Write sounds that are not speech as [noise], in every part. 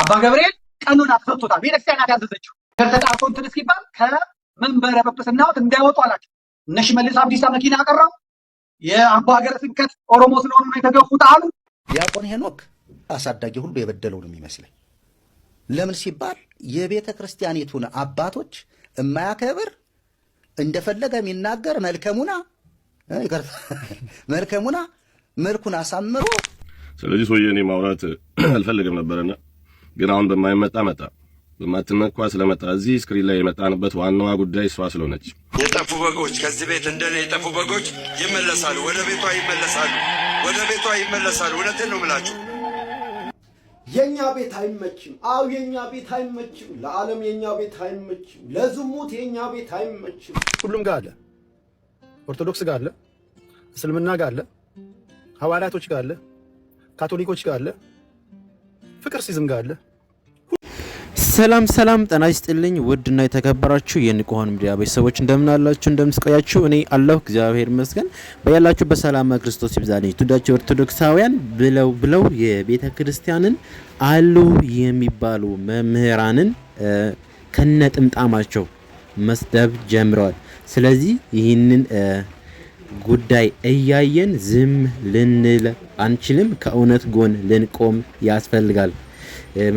አባ ገብርኤል ቀኑን አስፈቶታል። ቤተክርስቲያን ያዘዘችው ከተጻፈው እንትን እስኪባል ከመንበረ ጵጵስናዎት እንዳይወጡ አላቸው። እነ ሽመልስ አብዲሳ መኪና አቀረቡ። የአባ ሀገረ ስብከት ኦሮሞ ስለሆኑ ነው የተገፉት አሉ። ዲያቆን ሄኖክ አሳዳጊ ሁሉ የበደለው ነው የሚመስለኝ። ለምን ሲባል የቤተ ክርስቲያኒቱን አባቶች የማያከብር እንደፈለገ የሚናገር መልከሙና መልከሙና መልኩን አሳምሮ ስለዚህ ሰውዬ እኔ ማውራት አልፈልግም ነበረና ግን አሁን በማይመጣ መጣ። በማትነኳ ስለመጣ እዚህ ስክሪን ላይ የመጣንበት ዋናዋ ጉዳይ እሷ ስለሆነች የጠፉ በጎች ከዚህ ቤት እንደኔ የጠፉ በጎች ይመለሳሉ፣ ወደ ቤቷ ይመለሳሉ፣ ወደ ቤቷ ይመለሳሉ። እውነትን ነው ምላችሁ። የእኛ ቤት አይመችም። አዎ የእኛ ቤት አይመችም። ለዓለም የእኛ ቤት አይመችም። ለዝሙት የእኛ ቤት አይመችም። ሁሉም ጋር አለ። ኦርቶዶክስ ጋር አለ፣ እስልምና ጋር አለ፣ ሐዋርያቶች ጋር አለ፣ ካቶሊኮች ጋር አለ፣ ፍቅር ሲዝም ጋር አለ። ሰላም ሰላም፣ ጤና ይስጥልኝ ውድና የተከበራችሁ የንቁሆን ሚዲያ ቤተሰቦች እንደምናላችሁ እንደምስቆያችሁ፣ እኔ አለሁ እግዚአብሔር ይመስገን። በያላችሁበት በሰላም ክርስቶስ ይብዛልኝ። ትውዳችሁ ኦርቶዶክሳውያን ብለው ብለው የቤተ ክርስቲያንን አሉ የሚባሉ መምህራንን ከነጥምጣማቸው መስደብ ጀምረዋል። ስለዚህ ይህንን ጉዳይ እያየን ዝም ልንል አንችልም። ከእውነት ጎን ልንቆም ያስፈልጋል።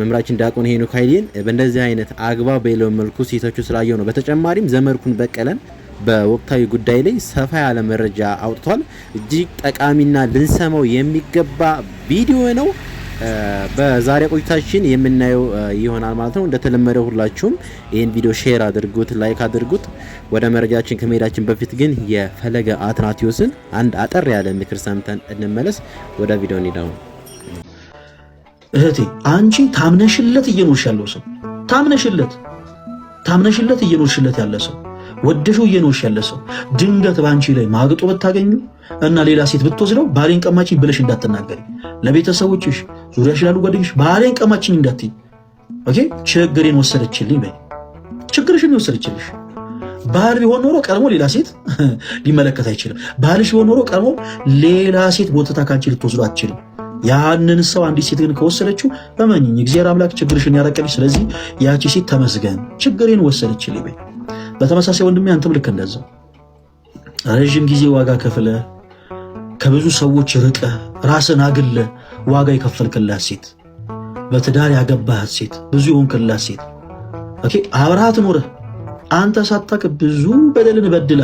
መምራችን ዲያቆን ሄኖክ ኃይሌን በእንደዚህ አይነት አግባብ በሌለው መልኩ ሲተቹ ስላየው ነው። በተጨማሪም ዘመርኩን በቀለን በወቅታዊ ጉዳይ ላይ ሰፋ ያለ መረጃ አውጥቷል። እጅግ ጠቃሚና ልንሰማው የሚገባ ቪዲዮ ነው። በዛሬ ቆይታችን የምናየው ይሆናል ማለት ነው። እንደተለመደው ሁላችሁም ይህን ቪዲዮ ሼር አድርጉት፣ ላይክ አድርጉት። ወደ መረጃችን ከመሄዳችን በፊት ግን የፈለገ አትናቲዮስን አንድ አጠር ያለ ምክር ሰምተን እንመለስ። ወደ ቪዲዮ እንሄዳለን። እህቴ አንቺ ታምነሽለት እየኖርሽ ያለው ሰው ታምነሽለት ታምነሽለት እየኖርሽለት ያለ ሰው ወደሹ እየኖርሽ ያለ ሰው ድንገት በአንቺ ላይ ማግጦ ብታገኙ እና ሌላ ሴት ብትወስደው ባሌን ቀማችኝ ብለሽ እንዳትናገሪ። ለቤተሰቦችሽ፣ ዙሪያሽ ላሉ ጓደኞች ባሌን ቀማችኝ እንዳትይ። ኦኬ ችግሬን ወሰደችልኝ በይ። ችግርሽን ወሰደችልሽ። ባል ቢሆን ኖሮ ቀድሞ ሌላ ሴት ሊመለከት አይችልም። ባልሽ ቢሆን ኖሮ ቀድሞ ሌላ ሴት ቦታ ካንቺ ልትወስዶ አትችልም። ያንን ሰው አንዲት ሴት ግን ከወሰደችው እመኚኝ እግዚአብሔር አምላክ ችግርሽን ያረቀልሽ። ስለዚህ ያቺ ሴት ተመስገን ችግሬን ወሰደችልኝ በይ። በተመሳሳይ ወንድሜ አንተም ልክ እንደዛ ረዥም ጊዜ ዋጋ ከፍለ ከብዙ ሰዎች ርቀ ራስን አግለ ዋጋ የከፈልክላት ሴት፣ በትዳር ያገባሃት ሴት፣ ብዙ የሆንክላት ሴት ኦኬ አብረሃት ኖረ አንተ ሳታቅ ብዙ በደልን በድላ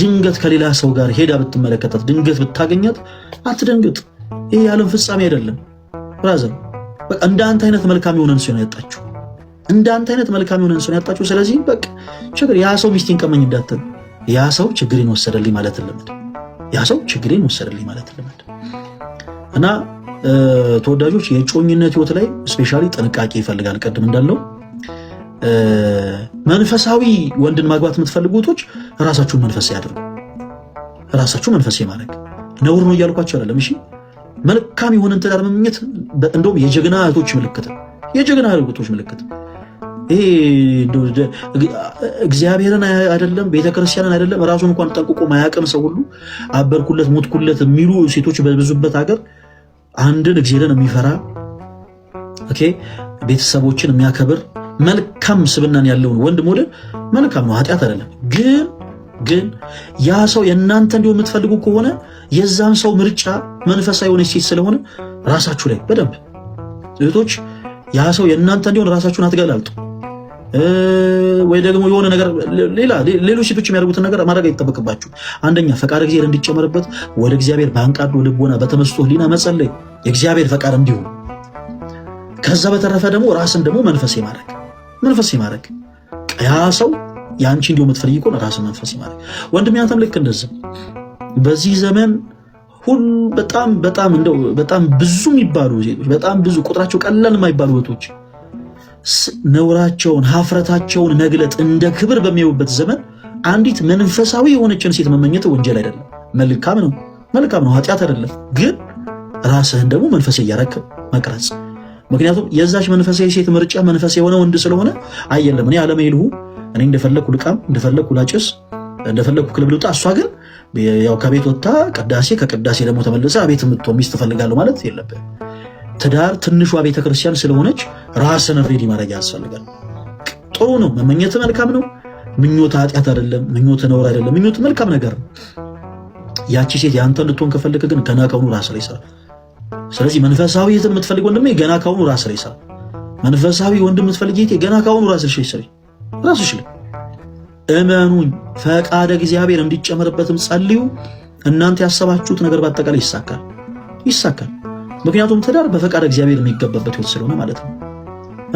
ድንገት ከሌላ ሰው ጋር ሄዳ ብትመለከታት ድንገት ብታገኛት አትደንግጥ። ይህ የዓለም ፍጻሜ አይደለም ብራዘር። በቃ እንደ አንተ አይነት መልካም የሆነን ሲሆን ያጣችሁ እንደ አንተ አይነት መልካም የሆነን ሲሆን ያጣችሁ። ስለዚህ በቃ ችግር ያ ሰው ሚስቴን ቀመኝ እንዳትል። ያ ሰው ችግሬን ወሰደልኝ ማለት ልምድ፣ ያ ሰው ችግሬን ወሰደልኝ ማለት ልምድ እና ተወዳጆች የጮኝነት ህይወት ላይ ስፔሻሊ ጥንቃቄ ይፈልጋል። ቀድም እንዳለው መንፈሳዊ ወንድን ማግባት የምትፈልጉ እህቶች ራሳችሁን መንፈሳዊ ያደርጉ። ራሳችሁ መንፈሳዊ ማድረግ ነውር ነው እያልኳቸው አይደለም። እሺ መልካም የሆነን ትዳር መመኘት እንደውም የጀግና እህቶች ምልክት፣ የጀግና እህቶች ምልክት። እግዚአብሔርን አይደለም ቤተክርስቲያንን አይደለም ራሱን እንኳን ጠንቅቆ ማያቅም ሰው ሁሉ አበርኩለት ሞትኩለት የሚሉ ሴቶች በብዙበት ሀገር አንድን እግዚአብሔርን የሚፈራ ኦኬ ቤተሰቦችን የሚያከብር መልካም ስብናን ያለውን ወንድ መውደድ መልካም ነው፣ ኃጢአት አይደለም ግን ግን ያ ሰው የእናንተ እንዲሆን የምትፈልጉ ከሆነ የዛን ሰው ምርጫ መንፈሳዊ የሆነች ሴት ስለሆነ ራሳችሁ ላይ በደንብ እህቶች፣ ያ ሰው የእናንተ እንዲሆን ራሳችሁን አትገላልጡ። ወይ ደግሞ የሆነ ነገር ሌላ ሌሎች ሴቶች የሚያደርጉትን ነገር ማድረግ አይጠበቅባችሁ። አንደኛ ፈቃድ እግዚአብሔር እንዲጨመርበት ወደ እግዚአብሔር በአንቃዶ ልቦና በተመስጦ ሕሊና መጸለይ የእግዚአብሔር ፈቃድ እንዲሆን፣ ከዛ በተረፈ ደግሞ ራስን ደግሞ መንፈሴ ማድረግ መንፈሴ ማድረግ ያ ሰው የአንቺ እንዲሁ የምትፈልጊ ከሆነ ራስ መንፈስ ይማረክ ወንድሜ። አንተም ልክ እንደዚህ በዚህ ዘመን ሁሉ በጣም በጣም እንደው በጣም ብዙ የሚባሉ ሴቶች በጣም ብዙ ቁጥራቸው ቀላል የማይባሉ ወቶች ነውራቸውን ሀፍረታቸውን መግለጥ እንደ ክብር በሚያዩበት ዘመን አንዲት መንፈሳዊ የሆነችን ሴት መመኘት ወንጀል አይደለም፣ መልካም ነው፣ መልካም ነው፣ ኃጢአት አይደለም። ግን ራስህን ደግሞ መንፈስ እያረክ መቅረጽ። ምክንያቱም የዛች መንፈሳዊ ሴት ምርጫ መንፈስ የሆነ ወንድ ስለሆነ አየለም እኔ አለመሄድሁ እኔ እንደፈለግኩ ልቃም፣ እንደፈለግኩ ላጭስ፣ እንደፈለግኩ ክለብ ልውጣ። እሷ ግን ያው ከቤት ወጥታ ቅዳሴ፣ ከቅዳሴ ደግሞ ተመልሰ ቤት ምቶ ሚስት ትፈልጋለሁ ማለት የለብህ። ትዳር ትንሿ ቤተክርስቲያን ስለሆነች ራስን ሬዲ ማድረግ ያስፈልጋል። ጥሩ ነው መመኘት መልካም ነው። ምኞት ኃጢአት አይደለም። ምኞት ነውር አይደለም። ምኞት መልካም ነገር ነው። ያቺ ሴት የአንተ ልትሆን ከፈለገ ግን ገና ከአሁኑ ራስ ላይ ይሰራል። ስለዚህ መንፈሳዊ እህትን የምትፈልግ ወንድሜ ገና ከአሁኑ ራስ ላይ ይሰራል። መንፈሳዊ ወንድም የምትፈልግ ገና ከአሁኑ ራስ ላይ ይሰራል። ራስሽ ላይ እመኑኝ። ፈቃደ እግዚአብሔር እንዲጨመርበትም ጸልዩ። እናንተ ያሰባችሁት ነገር በአጠቃላይ ይሳካል ይሳካል። ምክንያቱም ትዳር በፈቃደ እግዚአብሔር የሚገባበት ህይወት ስለሆነ ማለት ነው።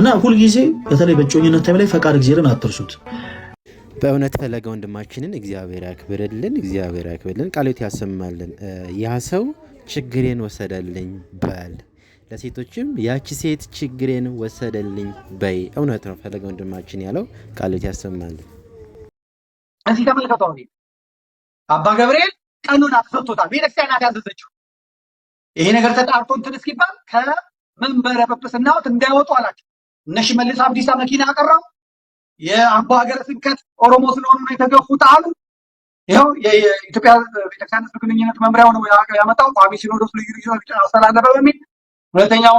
እና ሁልጊዜ በተለይ በጮኝነት ታይም ላይ ፈቃደ እግዚአብሔርን አትርሱት። በእውነት ፈለገ ወንድማችንን እግዚአብሔር ያክብርልን፣ እግዚአብሔር ያክብርልን፣ ቃሎት ያሰማልን። ያ ሰው ችግሬን ወሰደልኝ በል ለሴቶችም ያቺ ሴት ችግሬን ወሰደልኝ በይ። እውነት ነው ፈለገ ወንድማችን ያለው ቃሎት ያሰማል። እዚህ ተመልከቷ አባ ገብርኤል ቀኑን አትሰጥቶታል። ቤተክርስቲያናት ያዘዘችው ይሄ ነገር ተጣርቶ እንትን እስኪባል ከመንበረ ጵጵስናዎት እንዳይወጡ አላቸው። እነ ሽመልስ አብዲሳ መኪና አቀራው። የአምቦ ሀገረ ስብከት ኦሮሞ ስለሆኑ ነው የተገፉት አሉ። ይኸው የኢትዮጵያ ቤተክርስቲያን ህዝብ ግንኙነት መምሪያው ነው ያመጣው ቋሚ ሲኖዶስ ልዩ ልዩ አስተላለፈ በሚል ሁለተኛው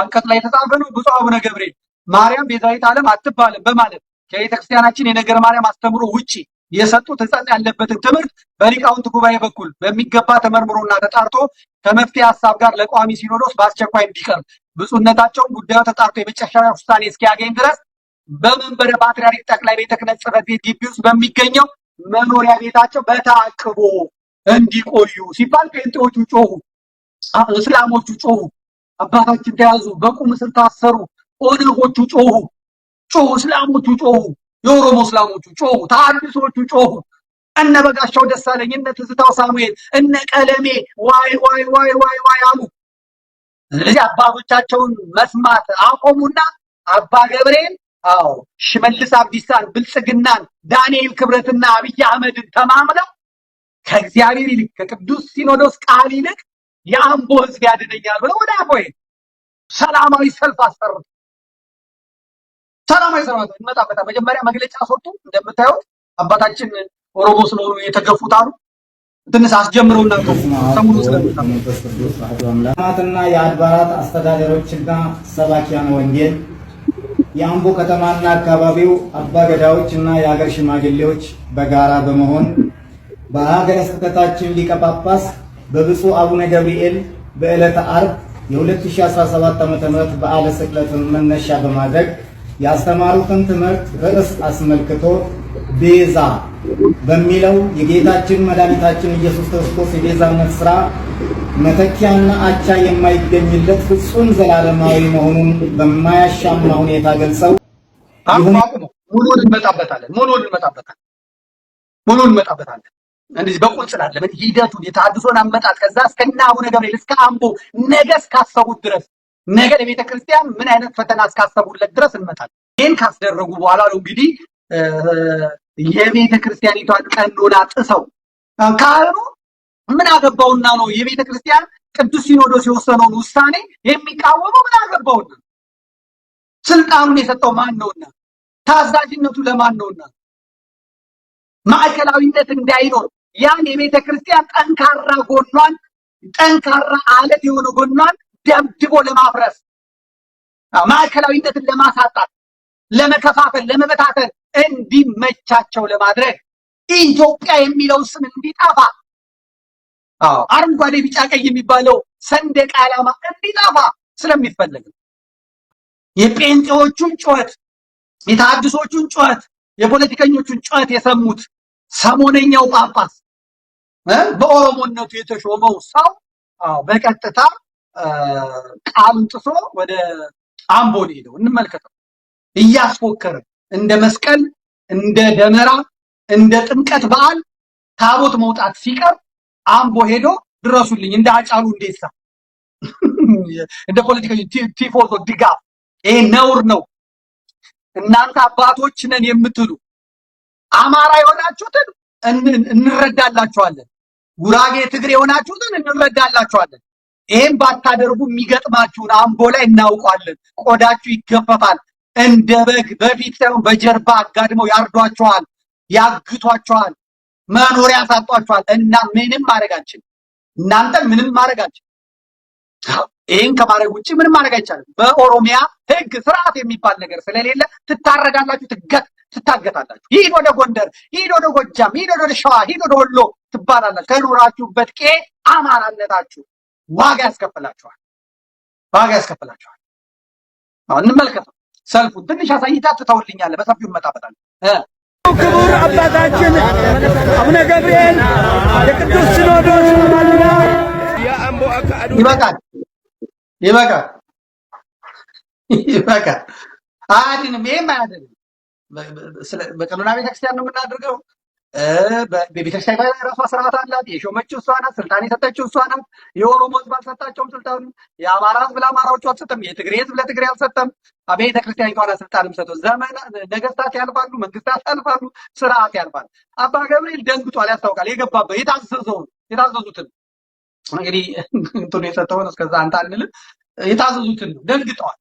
አንቀጽ ላይ የተጻፈ ነው። ብፁዕ አቡነ ገብርኤል ማርያም ቤዛዊት ዓለም አትባልም በማለት ከቤተክርስቲያናችን የነገር ማርያም አስተምሮ ውጪ የሰጡ ሕጸጽ ያለበትን ትምህርት በሊቃውንት ጉባኤ በኩል በሚገባ ተመርምሮና ተጣርቶ ከመፍትሄ ሀሳብ ጋር ለቋሚ ሲኖዶስ በአስቸኳይ እንዲቀርብ ብፁዕነታቸው ጉዳዩ ተጣርቶ የመጨረሻ ውሳኔ እስኪያገኝ ድረስ በመንበረ ፓትርያርክ ጠቅላይ ቤተ ክህነት ጽሕፈት ቤት ግቢ ውስጥ በሚገኘው መኖሪያ ቤታቸው በተአቅቦ እንዲቆዩ ሲባል ጴንጤዎቹ ጮሁ፣ እስላሞቹ ጮሁ። አባታችን ተያዙ፣ በቁም ስር ታሰሩ። ኦነጎቹ ጮሁ ጮሁ፣ እስላሞቹ ጮሁ፣ የኦሮሞ እስላሞቹ ጮሁ፣ ተሐድሶቹ ጮሁ። እነ በጋሻው ደሳለኝ፣ እነ ትዝታው ሳሙኤል፣ እነ ቀለሜ ዋይ ዋይ ዋይ ዋይ ዋይ አሉ። ስለዚህ አባቶቻቸውን መስማት አቆሙና አባ ገብርኤል አዎ ሽመልስ አብዲሳን፣ ብልጽግናን፣ ዳንኤል ክብረትና አብይ አህመድን ተማምለው ከእግዚአብሔር ይልቅ ከቅዱስ ሲኖዶስ ቃል ይልቅ የአምቦ ህዝብ ያድነኛል ብለው ወደ አምቦ ሰላማዊ ሰልፍ አስጠሩ። ሰላማዊ ሰልፍ እንመጣበታል። መጀመሪያ መግለጫ ሰጡ። እንደምታዩት አባታችን ኦሮሞ ስለሆኑ የተገፉት አሉ። ትንሽ አስጀምረው ሰሙኑ ስለማትና የአድባራት አስተዳደሮችና ሰባኪያን ወንጌል የአምቦ ከተማና አካባቢው አባገዳዎች እና የሀገር ሽማግሌዎች በጋራ በመሆን በሀገረ ስብከታችን ሊቀ ጳጳስ በብፁዕ አቡነ ገብርኤል በዕለተ ዓርብ የ2017 ዓ.ም በዓለ ስቅለትን መነሻ በማድረግ ያስተማሩትን ትምህርት ርዕስ አስመልክቶ ቤዛ በሚለው የጌታችን መድኃኒታችን ኢየሱስ ክርስቶስ የቤዛነት ሥራ መተኪያና አቻ የማይገኝለት ፍጹም ዘላለማዊ መሆኑን በማያሻማ ሁኔታ ገልጸው ሙሉ እንመጣበታለን ሙሉ እንመጣበታለን ሙሉ እንመጣበታለን እንደዚህ በቁል ለምን ሂደቱን የታድሶን አመጣት ከዛ እስከና አቡነ ገብርኤል እስከ አምቦ ነገ እስካሰቡት ድረስ ነገ ለቤተ ክርስቲያን ምን አይነት ፈተና እስካሰቡለት ድረስ እንመጣለን። ይህን ካስደረጉ በኋላ ነው እንግዲህ የቤተ ክርስቲያኒቷን ቀኖና ጥሰው ካህኑ ምን አገባውና ነው የቤተ ክርስቲያን ቅዱስ ሲኖዶስ የወሰነውን ውሳኔ የሚቃወመው? ምን አገባውና ስልጣኑን የሰጠው ማን ነውና? ታዛዥነቱ ለማን ነውና? ማዕከላዊነት እንዳይኖር ያን የቤተ ክርስቲያን ጠንካራ ጎኗን ጠንካራ አለት የሆነ ጎኗን ደብድቦ ለማፍረስ ማዕከላዊነትን ለማሳጣት፣ ለመከፋፈል፣ ለመበታተን እንዲመቻቸው ለማድረግ ኢትዮጵያ የሚለው ስም እንዲጠፋ አረንጓዴ፣ ቢጫ፣ ቀይ የሚባለው ሰንደቅ ዓላማ እንዲጠፋ ስለሚፈለግ የጴንጤዎቹን ጩኸት፣ የተሐድሶቹን ጩኸት፣ የፖለቲከኞቹን ጩኸት የሰሙት ሰሞነኛው ጳጳስ በኦሮሞነቱ የተሾመው ሰው በቀጥታ ቃሉን ጥሶ ወደ አምቦ ነው የሄደው። እንመልከተው። እያስፎከረ እንደ መስቀል፣ እንደ ደመራ፣ እንደ ጥምቀት በዓል ታቦት መውጣት ሲቀር አምቦ ሄዶ ድረሱልኝ እንደ አጫሉ እንዴሳ እንደ ፖለቲከኞች ቲፎዞ ድጋፍ። ይሄ ነውር ነው። እናንተ አባቶች ነን የምትሉ አማራ የሆናችሁትን እንረዳላችኋለን፣ ጉራጌ፣ ትግሬ የሆናችሁትን እንረዳላችኋለን። ይህም ባታደርጉ የሚገጥማችሁን አምቦ ላይ እናውቋለን። ቆዳችሁ ይገፈፋል። እንደ በግ በፊት ሳይሆን በጀርባ አጋድመው ያርዷችኋል፣ ያግቷችኋል፣ መኖሪያ ያሳጧችኋል እና ምንም ማድረግ አንችልም። እናንተ ምንም ማድረግ አንችልም። ይህን ከማድረግ ውጭ ምንም ማድረግ አይቻልም። በኦሮሚያ ህግ ስርዓት የሚባል ነገር ስለሌለ ትታረዳላችሁ፣ ትገት ትታገታላችሁ። ሂድ ወደ ጎንደር፣ ሂድ ወደ ጎጃም፣ ሂድ ወደ ሸዋ፣ ሂድ ወደ ወሎ ትባላላችሁ። ከኑራችሁበት ቄ አማራነታችሁ ዋጋ ያስከፍላችኋል፣ ዋጋ ያስከፍላችኋል። አሁን እንመልከተው ሰልፉን ትንሽ አሳይታ ተውልኛለ። በሰፊው እመጣበታል። ክቡር አባታችን አቡነ ገብርኤል የቅዱስ ሲኖዶስ ይበቃል፣ ይበቃል፣ ይበቃል። አያድንም፣ ይህም አያድንም። በቀኖና ቤተክርስቲያን ነው የምናደርገው። ቤተክርስቲያን ራሷ ስርዓት አላት። የሾመችው እሷ ናት። ስልጣን የሰጠችው እሷ ናት። የኦሮሞ ህዝብ አልሰጣቸውም ስልጣኑ። የአማራ ህዝብ ለአማራዎቹ አልሰጠም። የትግሬ ህዝብ ለትግሬ አልሰጠም። ቤተክርስቲያን ከሆነ ስልጣን የምሰጠው ዘመን ነገስታት ያልፋሉ፣ መንግስታት ያልፋሉ፣ ስርዓት ያልፋል። አባ ገብርኤል ደንግጧል፣ ያስታውቃል። የገባበት የታዘዘውን የታዘዙትን እንግዲህ እንትኑ የሰጠውን እስከዛ አንተ አንልም። የታዘዙትን ደንግጠዋል።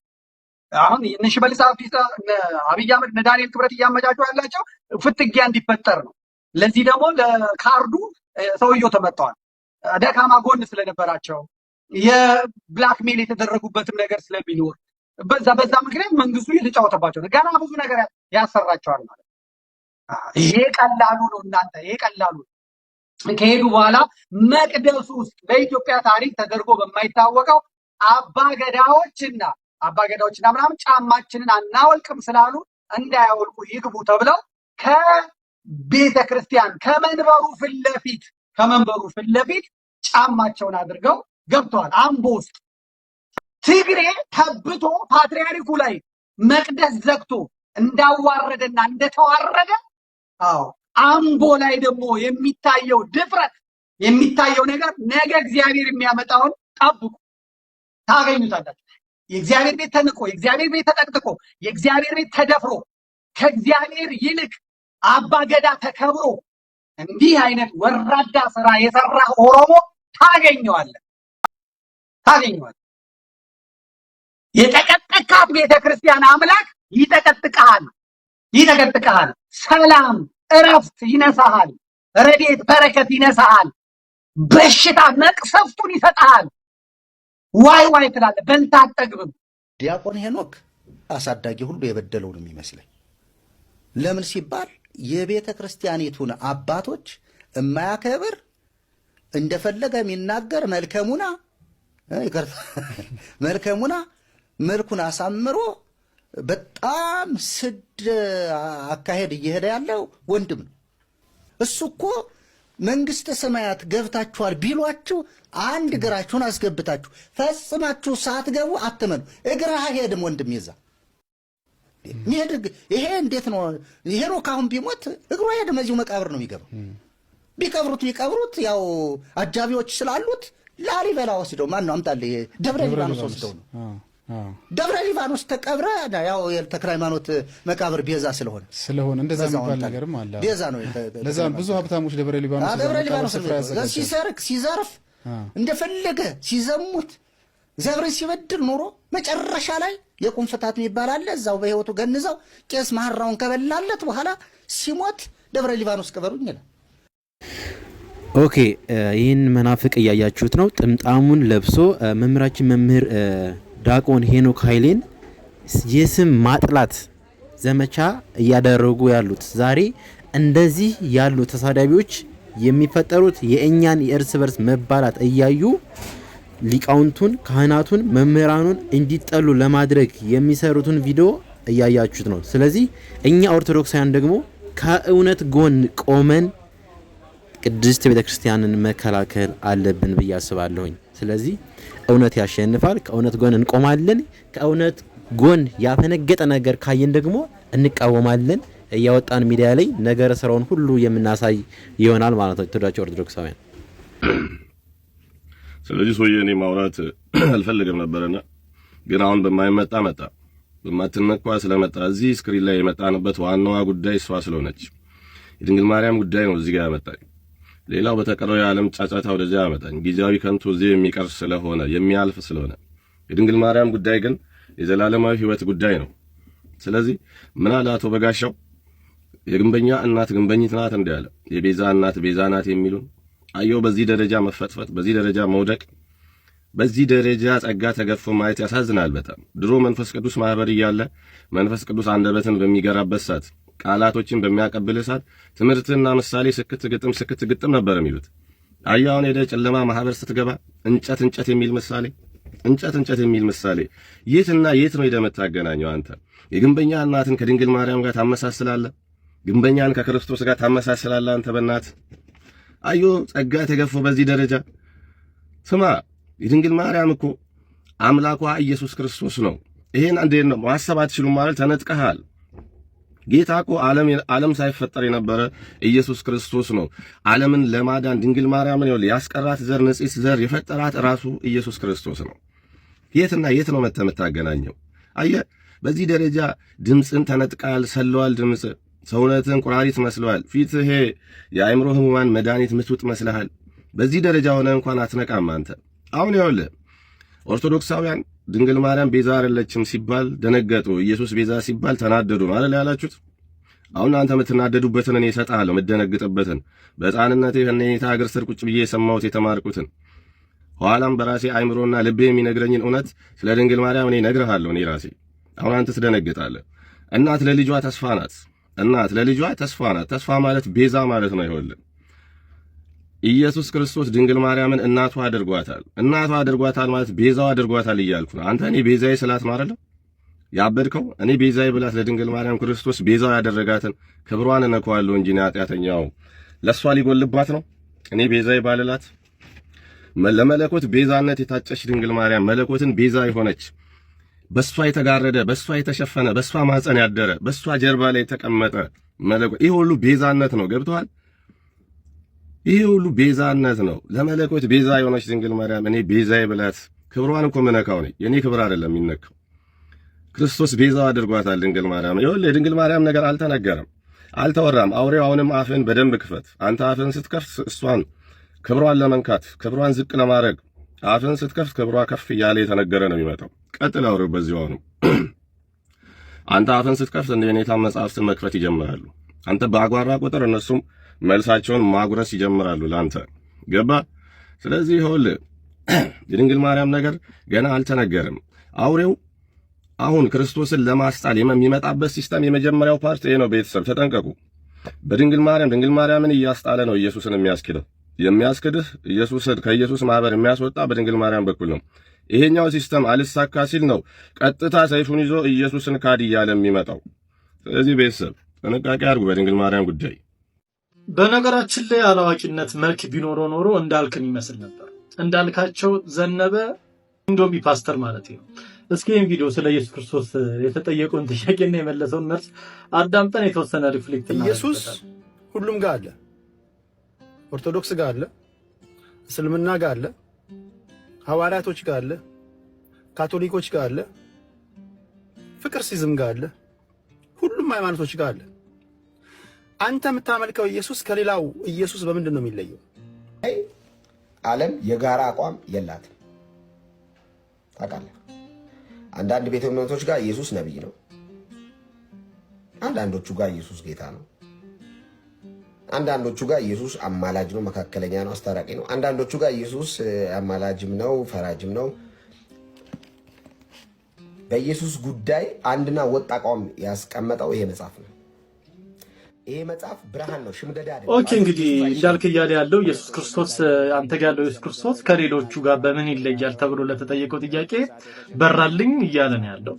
አሁን እነ ሽመልስ አብዲሳ አብይ አህመድ እነ ዳንኤል ክብረት እያመቻቹ ያላቸው ፍትጊያ እንዲፈጠር ነው። ለዚህ ደግሞ ለካርዱ ሰውየው ተመጥተዋል። ደካማ ጎን ስለነበራቸው የብላክሜል የተደረጉበትም ነገር ስለሚኖር በዛ በዛ ምክንያት መንግስቱ የተጫወተባቸው ነው። ገና ብዙ ነገር ያሰራቸዋል ማለት ይሄ ቀላሉ ነው እናንተ፣ ይሄ ቀላሉ ከሄዱ በኋላ መቅደሱ ውስጥ በኢትዮጵያ ታሪክ ተደርጎ በማይታወቀው አባገዳዎችና አባገዳዎችና ምናምን ጫማችንን አናወልቅም ስላሉ እንዳያወልቁ ይግቡ ተብለው ከቤተ ክርስቲያን ከመንበሩ ፊት ከመንበሩ ፊት ጫማቸውን አድርገው ገብተዋል። አምቦ ውስጥ ትግሬ ተብቶ ፓትሪያሪኩ ላይ መቅደስ ዘግቶ እንዳዋረደና እንደተዋረደ፣ አዎ አምቦ ላይ ደግሞ የሚታየው ድፍረት የሚታየው ነገር ነገ እግዚአብሔር የሚያመጣውን ጠብቁ ታገኙታላችሁ። የእግዚአብሔር ቤት ተንቆ የእግዚአብሔር ቤት ተጠቅጥቆ የእግዚአብሔር ቤት ተደፍሮ ከእግዚአብሔር ይልቅ አባገዳ ተከብሮ እንዲህ አይነት ወራዳ ስራ የሰራ ኦሮሞ ታገኘዋለህ ታገኘዋለህ። የጠቀጠቃት ቤተ ክርስቲያን አምላክ ይጠቀጥቃል ይጠቀጥቀሃል። ሰላም እረፍት ይነሳሃል። ረዴት በረከት ይነሳሃል። በሽታ መቅሰፍቱን ይሰጠሃል። ዋይ ዋይ ትላለህ፣ በልታ አጠግብም። ዲያቆን ሄኖክ አሳዳጊ ሁሉ የበደለው ነው የሚመስለኝ። ለምን ሲባል የቤተ ክርስቲያኒቱን አባቶች እማያከብር እንደፈለገ የሚናገር መልከሙና መልከሙና መልኩን አሳምሮ በጣም ስድ አካሄድ እየሄደ ያለው ወንድም ነው እሱ እኮ መንግስተ ሰማያት ገብታችኋል ቢሏችሁ አንድ እግራችሁን አስገብታችሁ ፈጽማችሁ ሳትገቡ አትመኑ። እግርህ አይሄድም ወንድም ይዛ ይሄ እንዴት ነው? ይሄ ነው ካሁን ቢሞት እግሩ አይሄድም፣ እዚሁ መቃብር ነው የሚገባው። ቢቀብሩት ቢቀብሩት ያው አጃቢዎች ስላሉት ላሊበላ ወስደው ማን ነው አምጣልህ፣ ደብረ ሊባኖስ ወስደው ነው ደብረ ሊባኖስ ተቀብረ ያው የተክለ ሃይማኖት መቃብር ቤዛ ስለሆነ ስለሆነ እንደዛ የሚባል ነገርም አለ። ቤዛ ነው። ለዛ ብዙ ሀብታሞች ደብረ ሊባኖስ ሲሰርቅ ሲዘርፍ እንደፈለገ ሲዘሙት እግዚአብሔርን ሲበድር ኖሮ መጨረሻ ላይ የቁም ፍታት የሚባል አለ። እዛው በህይወቱ ገንዘው ቄስ ማህራውን ከበላለት በኋላ ሲሞት ደብረ ሊባኖስ ቅበሩኝ ይላል። ኦኬ ይህን መናፍቅ እያያችሁት ነው። ጥምጣሙን ለብሶ መምህራችን መምህር ዲያቆን ሄኖክ ኃይሌን የስም ማጥላት ዘመቻ እያደረጉ ያሉት። ዛሬ እንደዚህ ያሉ ተሳዳቢዎች የሚፈጠሩት የእኛን የእርስ በርስ መባላት እያዩ ሊቃውንቱን፣ ካህናቱን፣ መምህራኑን እንዲጠሉ ለማድረግ የሚሰሩትን ቪዲዮ እያያችሁት ነው። ስለዚህ እኛ ኦርቶዶክሳውያን ደግሞ ከእውነት ጎን ቆመን ቅድስት ቤተክርስቲያንን መከላከል አለብን ብዬ አስባለሁኝ። ስለዚህ እውነት ያሸንፋል። ከእውነት ጎን እንቆማለን። ከእውነት ጎን ያፈነገጠ ነገር ካየን ደግሞ እንቃወማለን። እያወጣን ሚዲያ ላይ ነገረ ስራውን ሁሉ የምናሳይ ይሆናል ማለት ነው። የተወዳቸው ኦርቶዶክሳውያን ስለዚህ ሰውዬ እኔ ማውራት [clears throat] አልፈልግም ነበርና ግን አሁን በማይመጣ መጣ በማትነኳ ስለመጣ እዚህ ስክሪን ላይ የመጣንበት ዋናዋ ጉዳይ እሷ ስለሆነች የድንግል ማርያም ጉዳይ ነው እዚህ ጋር ያመጣኝ ሌላው በተቀረው የዓለም ጫጫታ ወደዚያ ያመጣኝ ጊዜያዊ ከንቱ እዚህ የሚቀር ስለሆነ የሚያልፍ ስለሆነ የድንግል ማርያም ጉዳይ ግን የዘላለማዊ ሕይወት ጉዳይ ነው። ስለዚህ ምን አለ አቶ በጋሻው? የግንበኛ እናት ግንበኝት ናት እንዲ ያለ የቤዛ እናት ቤዛ ናት የሚሉን አየው። በዚህ ደረጃ መፈጥፈጥ፣ በዚህ ደረጃ መውደቅ፣ በዚህ ደረጃ ጸጋ ተገፎ ማየት ያሳዝናል በጣም ድሮ መንፈስ ቅዱስ ማኅበር እያለ መንፈስ ቅዱስ አንደበትን በሚገራበት ሰዓት ቃላቶችን በሚያቀብል እሳት ትምህርትና ምሳሌ ስክት ግጥም ስክት ግጥም ነበር የሚሉት። አያውን ሄደ ጨለማ ማህበር ስትገባ እንጨት እንጨት የሚል ምሳሌ እንጨት እንጨት የሚል ምሳሌ የትና የት ነው ሄደህ የምታገናኘው? አንተ የግንበኛ እናትን ከድንግል ማርያም ጋር ታመሳስላለህ። ግንበኛን ከክርስቶስ ጋር ታመሳስላለህ። አንተ በእናት አዮ ጸጋ የተገፈው በዚህ ደረጃ ስማ፣ የድንግል ማርያም እኮ አምላኳ ኢየሱስ ክርስቶስ ነው። ይሄን እንዴት ነው ማሰብ አትችሉም ማለት ተነጥቀሃል። ጌታ እኮ ዓለም ሳይፈጠር የነበረ ኢየሱስ ክርስቶስ ነው። ዓለምን ለማዳን ድንግል ማርያምን ይወል ያስቀራት ዘር ንጽሕት ዘር የፈጠራት ራሱ ኢየሱስ ክርስቶስ ነው። የትና የት ነው መተህ የምታገናኘው? አየህ፣ በዚህ ደረጃ ድምፅን ተነጥቃል፣ ሰለዋል ድምፅ ሰውነትን ቁራሪት መስለዋል። ፊትህ የአእምሮ ህሙማን መድኃኒት ምትውጥ መስላል በዚህ ደረጃ ሆነ እንኳን አትነቃም አንተ አሁን ይኸውልህ ኦርቶዶክሳውያን ድንግል ማርያም ቤዛ አይደለችም ሲባል ደነገጡ። ኢየሱስ ቤዛ ሲባል ተናደዱ ማለት ያላችሁት። አሁን አንተ የምትናደዱበትን እኔ እሰጥሃለሁ፣ የምደነግጥበትን በሕፃንነቴ ከኔታ እግር ስር ቁጭ ብዬ የሰማሁት የተማርኩትን ኋላም በራሴ አይምሮና ልቤ የሚነግረኝን እውነት ስለ ድንግል ማርያም እኔ እነግርሃለሁ። እኔ ራሴ አሁን አንተ ትደነግጣለህ። እናት ለልጇ ተስፋ ናት። እናት ለልጇ ተስፋ ናት። ተስፋ ማለት ቤዛ ማለት ነው። ይሆልን ኢየሱስ ክርስቶስ ድንግል ማርያምን እናቱ አድርጓታል። እናቱ አድርጓታል ማለት ቤዛው አድርጓታል እያልኩ ነው። አንተ እኔ ቤዛዬ ስላት ማረለ ያበድከው። እኔ ቤዛዬ ብላት ለድንግል ማርያም ክርስቶስ ቤዛው ያደረጋትን ክብሯን እነኳዋለሁ እንጂ ነው ኃጢአተኛው። ለእሷ ሊጎልባት ነው። እኔ ቤዛዬ ባልላት ለመለኮት ቤዛነት የታጨች ድንግል ማርያም መለኮትን ቤዛ የሆነች በሷ የተጋረደ በሷ የተሸፈነ በሷ ማፀን ያደረ በሷ ጀርባ ላይ የተቀመጠ መለኮት ይህ ሁሉ ቤዛነት ነው። ገብተዋል። ይሄ ሁሉ ቤዛነት ነው። ለመለኮት ቤዛ የሆነች ድንግል ማርያም እኔ ቤዛ ብላት ክብሯን እኮ ምነካው ነኝ። የእኔ ክብር አይደለም የሚነካው። ክርስቶስ ቤዛው አድርጓታል ድንግል ማርያም። ይኸውልህ የድንግል ማርያም ነገር አልተነገረም፣ አልተወራም። አውሬው አሁንም አፍን በደንብ ክፈት። አንተ አፍን ስትከፍት እሷን ክብሯን ለመንካት ክብሯን ዝቅ ለማድረግ አፍን ስትከፍት ክብሯ ከፍ እያለ የተነገረ ነው የሚመጣው። ቀጥል አውሬው በዚሁ አሁንም [clears throat] አንተ አፍን ስትከፍት እንደ ሁኔታ መጽሐፍትን መክፈት ይጀምራሉ። አንተ በአጓራ ቁጥር እነሱም መልሳቸውን ማጉረስ ይጀምራሉ ለአንተ ገባ። ስለዚህ ሆል የድንግል ማርያም ነገር ገና አልተነገርም። አውሬው አሁን ክርስቶስን ለማስጣል የሚመጣበት ሲስተም የመጀመሪያው ፓርት ይሄ ነው። ቤተሰብ ተጠንቀቁ። በድንግል ማርያም ድንግል ማርያምን እያስጣለ ነው ኢየሱስን የሚያስክደው። የሚያስክድህ ኢየሱስን ከኢየሱስ ማህበር የሚያስወጣ በድንግል ማርያም በኩል ነው። ይሄኛው ሲስተም አልሳካ ሲል ነው ቀጥታ ሰይፉን ይዞ ኢየሱስን ካድ እያለ የሚመጣው። ስለዚህ ቤተሰብ ጥንቃቄ አድርጉ በድንግል ማርያም ጉዳይ። በነገራችን ላይ አላዋቂነት መልክ ቢኖረው ኖሮ እንዳልክን ይመስል ነበር። እንዳልካቸው ዘነበ ኢንዶሚ ፓስተር ማለት ነው። እስኪ ይህን ቪዲዮ ስለ ኢየሱስ ክርስቶስ የተጠየቀውን ጥያቄና የመለሰውን መልስ አዳምጠን የተወሰነ ሪፍሌክት ኢየሱስ ሁሉም ጋር አለ። ኦርቶዶክስ ጋር አለ፣ እስልምና ጋር አለ፣ ሐዋርያቶች ጋር አለ፣ ካቶሊኮች ጋር አለ፣ ፍቅር ሲዝም ጋር አለ፣ ሁሉም ሃይማኖቶች ጋር አለ። አንተ የምታመልከው ኢየሱስ ከሌላው ኢየሱስ በምንድን ነው የሚለየው? ዓለም የጋራ አቋም የላትም። ታውቃለህ፣ አንዳንድ ቤተ እምነቶች ጋር ኢየሱስ ነቢይ ነው፣ አንዳንዶቹ ጋር ኢየሱስ ጌታ ነው፣ አንዳንዶቹ ጋር ኢየሱስ አማላጅ ነው፣ መካከለኛ ነው፣ አስታራቂ ነው፣ አንዳንዶቹ ጋር ኢየሱስ አማላጅም ነው፣ ፈራጅም ነው። በኢየሱስ ጉዳይ አንድና ወጥ አቋም ያስቀመጠው ይሄ መጽሐፍ ነው። ይሄ መጽሐፍ ብርሃን ነው፣ ሽምደዳ አይደለም። ኦኬ እንግዲህ እንዳልክ እያለ ያለው ኢየሱስ ክርስቶስ አንተ ጋር ያለው ኢየሱስ ክርስቶስ ከሌሎቹ ጋር በምን ይለያል ተብሎ ለተጠየቀው ጥያቄ በራልኝ እያለ ነው ያለው።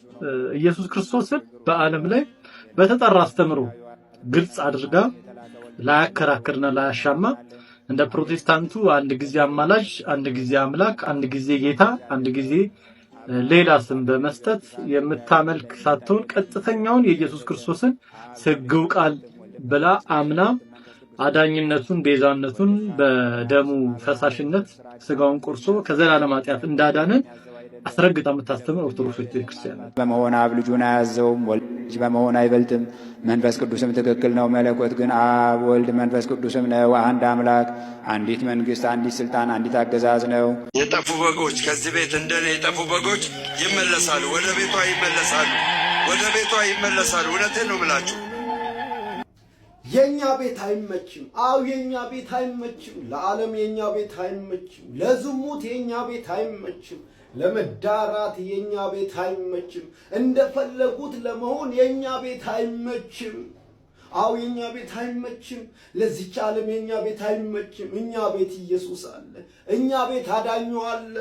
ኢየሱስ ክርስቶስን በዓለም ላይ በተጠራ አስተምሮ ግልጽ አድርጋ ላያከራክርና ላያሻማ እንደ ፕሮቴስታንቱ አንድ ጊዜ አማላጅ፣ አንድ ጊዜ አምላክ፣ አንድ ጊዜ ጌታ፣ አንድ ጊዜ ሌላ ስም በመስጠት የምታመልክ ሳትሆን ቀጥተኛውን የኢየሱስ ክርስቶስን ስግው ቃል ብላ አምና አዳኝነቱን ቤዛነቱን በደሙ ፈሳሽነት ስጋውን ቆርሶ ከዘላለም ኃጢአት እንዳዳነን አስረግጣ የምታስተምር ኦርቶዶክሶች ቤተክርስቲያን በመሆን አብ ልጁን አያዘውም፣ ወልድ ልጅ በመሆን አይበልጥም። መንፈስ ቅዱስም ትክክል ነው። መለኮት ግን አብ ወልድ መንፈስ ቅዱስም ነው። አንድ አምላክ፣ አንዲት መንግስት፣ አንዲት ስልጣን፣ አንዲት አገዛዝ ነው። የጠፉ በጎች ከዚህ ቤት እንደኔ የጠፉ በጎች ይመለሳሉ፣ ወደ ቤቷ ይመለሳሉ፣ ወደ ቤቷ ይመለሳሉ። እውነቴን ነው የምላችሁ የኛ ቤት አይመችም። አው የኛ ቤት አይመችም። ለዓለም የኛ ቤት አይመችም። ለዝሙት የኛ ቤት አይመችም። ለመዳራት የኛ ቤት አይመችም። እንደፈለጉት ለመሆን የኛ ቤት አይመችም። አው የኛ ቤት አይመችም። ለዚች ዓለም የኛ ቤት አይመችም። እኛ ቤት ኢየሱስ አለ። እኛ ቤት አዳኙ አለ።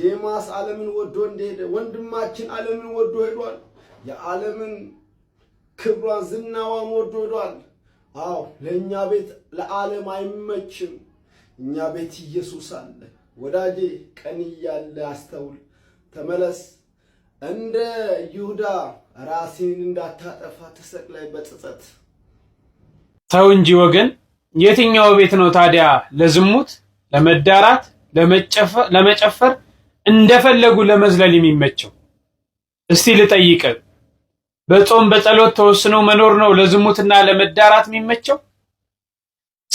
ዴማስ ዓለምን ወዶ እንደሄደ ወንድማችን ዓለምን ወዶ ሄዷል። የዓለምን ክብሯን ዝናዋን ወዶ ሄዷል። አዎ ለእኛ ቤት ለዓለም አይመችም። እኛ ቤት ኢየሱስ አለ። ወዳጄ ቀን እያለ አስተውል፣ ተመለስ። እንደ ይሁዳ ራሴን እንዳታጠፋ ተሰቅላይ በጸጸት ተው እንጂ ወገን። የትኛው ቤት ነው ታዲያ ለዝሙት፣ ለመዳራት፣ ለመጨፈር እንደፈለጉ ለመዝለል የሚመቸው? እስቲ ልጠይቀህ በጾም በጸሎት ተወስኖ መኖር ነው ለዝሙትና ለመዳራት የሚመቸው?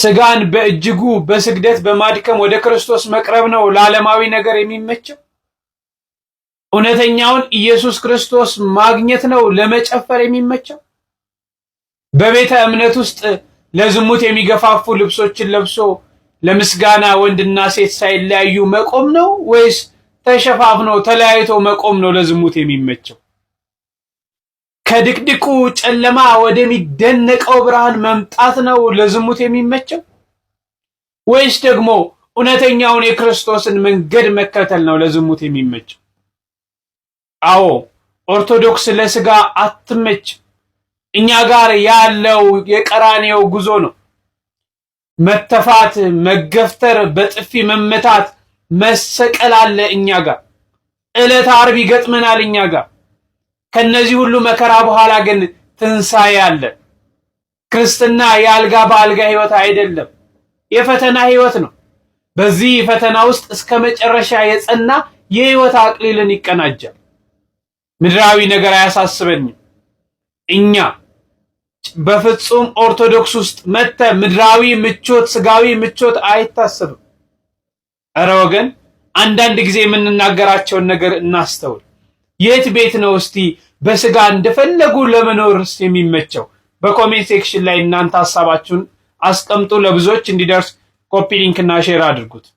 ስጋን በእጅጉ በስግደት በማድከም ወደ ክርስቶስ መቅረብ ነው ለዓለማዊ ነገር የሚመቸው? እውነተኛውን ኢየሱስ ክርስቶስ ማግኘት ነው ለመጨፈር የሚመቸው? በቤተ እምነት ውስጥ ለዝሙት የሚገፋፉ ልብሶችን ለብሶ ለምስጋና ወንድና ሴት ሳይለያዩ መቆም ነው ወይስ ተሸፋፍኖ ተለያይቶ መቆም ነው ለዝሙት የሚመቸው? ከድቅድቁ ጨለማ ወደሚደነቀው ብርሃን መምጣት ነው ለዝሙት የሚመቸው ወይስ ደግሞ እውነተኛውን የክርስቶስን መንገድ መከተል ነው ለዝሙት የሚመቸው? አዎ ኦርቶዶክስ ለስጋ አትመች። እኛ ጋር ያለው የቀራኔው ጉዞ ነው። መተፋት፣ መገፍተር፣ በጥፊ መመታት፣ መሰቀል አለ እኛ ጋር። ዕለት አርቢ ይገጥመናል እኛ ጋር ከነዚህ ሁሉ መከራ በኋላ ግን ትንሣኤ አለ። ክርስትና የአልጋ በአልጋ ህይወት አይደለም፣ የፈተና ህይወት ነው። በዚህ ፈተና ውስጥ እስከ መጨረሻ የጸና የህይወት አቅሊልን ይቀናጃል። ምድራዊ ነገር አያሳስበኝም። እኛ በፍጹም ኦርቶዶክስ ውስጥ መተ ምድራዊ ምቾት፣ ስጋዊ ምቾት አይታሰብም። እረ ወገን አንዳንድ ጊዜ የምንናገራቸውን ነገር እናስተውል። የት ቤት ነው እስቲ በስጋ እንደፈለጉ ለመኖር ስ የሚመቸው? በኮሜንት ሴክሽን ላይ እናንተ ሀሳባችሁን አስቀምጡ። ለብዙዎች እንዲደርስ ኮፒ እና ሼር አድርጉት።